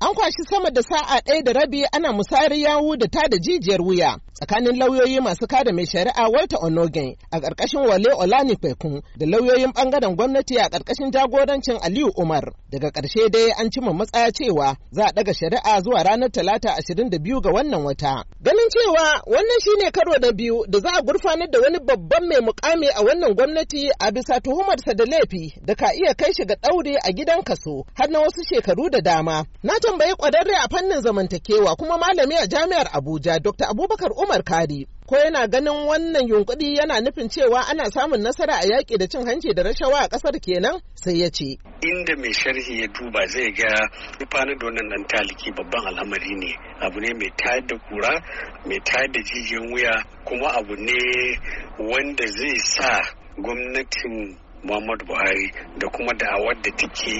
An kwashi sama da sa'a ɗaya da rabi ana musayar yawu da ta da jijiyar wuya tsakanin lauyoyi masu kada mai shari'a Walter Onogen a ƙarƙashin Wale Olani Fekun da lauyoyin ɓangaren gwamnati a ƙarƙashin jagorancin Aliyu Umar. Daga ƙarshe dai an cimma matsaya cewa za a ɗaga shari'a zuwa ranar Talata 22 ga wannan wata. Ganin cewa wannan shine karo na biyu da za a gurfanar da wani babban mai mukami a wannan gwamnati a bisa tuhumarsa da laifi da ka iya kai shi ga ɗauri a gidan kaso har na wasu shekaru da dama. Na tambayi kwararre a fannin zamantakewa kuma malami a jami'ar Abuja Dr. Abubakar Umar Kari ko yana ganin wannan yunkuri yana nufin cewa ana samun nasara a yaƙi da cin hanci da rashawa a ƙasar kenan sai ya ce. Inda mai sharhi ya duba zai ga rufanar da wannan nan taliki babban al'amari ne abu ne mai tayar da kura mai tayar da jijiyan wuya kuma abu ne wanda zai sa gwamnatin muhammadu buhari da kuma da'awar da take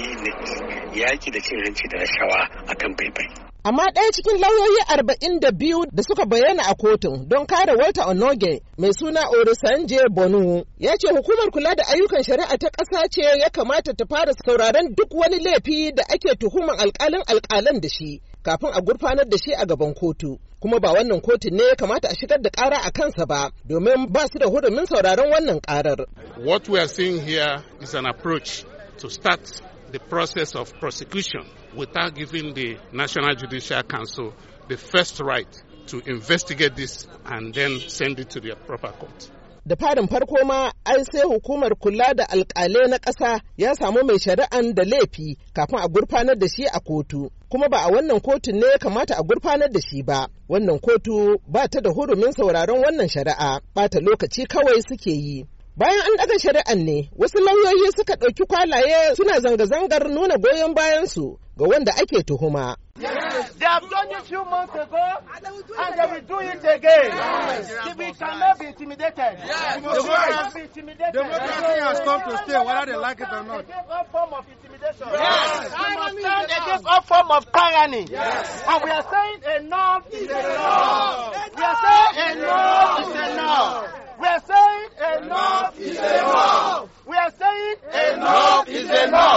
yaki da cin hanci da rashawa akan faifai amma ɗaya cikin lauyoyi arba'in da biyu da suka bayyana a kotun don kare walter onoge mai suna orisanje bonu ya ce hukumar kula da ayyukan shari'a ta ƙasa ce ya kamata ta fara sauraron duk wani laifi da ake tuhuman alƙalin alƙalan da shi kafin a gurfanar da shi a gaban kotu kuma ba wannan kotun ne ya kamata a shigar da ƙara a kansa ba domin ba su da hudumin sauraron wannan ƙarar. What we are seeing here is an approach to start the process of prosecution without giving the National Judicial Council the first right to investigate this and then send it to the proper court. da farin farko ma ai sai hukumar kula da alkalai na ƙasa ya samu mai shari'an da laifi kafin a gurfanar da shi a kotu kuma ba a wannan kotun ne ya kamata a gurfanar da shi ba wannan kotu ba ta da hurumin sauraron wannan shari'a bata lokaci kawai suke yi bayan an ɗaga shari'an ne wasu lauyoyi suka ɗauki kwalaye suna zanga-zangar nuna goyon bayansu ga wanda ake tuhuma Yes. They have done it few months ago, and they will do it, will do it again. Yes. Yes. We cannot be intimidated. Yes. We must be intimidated. Democracy has come to stay, whether they like it or not. Against all form of intimidation. Yes. We must stand against all form of tyranny. Yes. And we are saying enough is enough. We are saying enough is enough. We are saying enough is enough. We are saying enough is enough.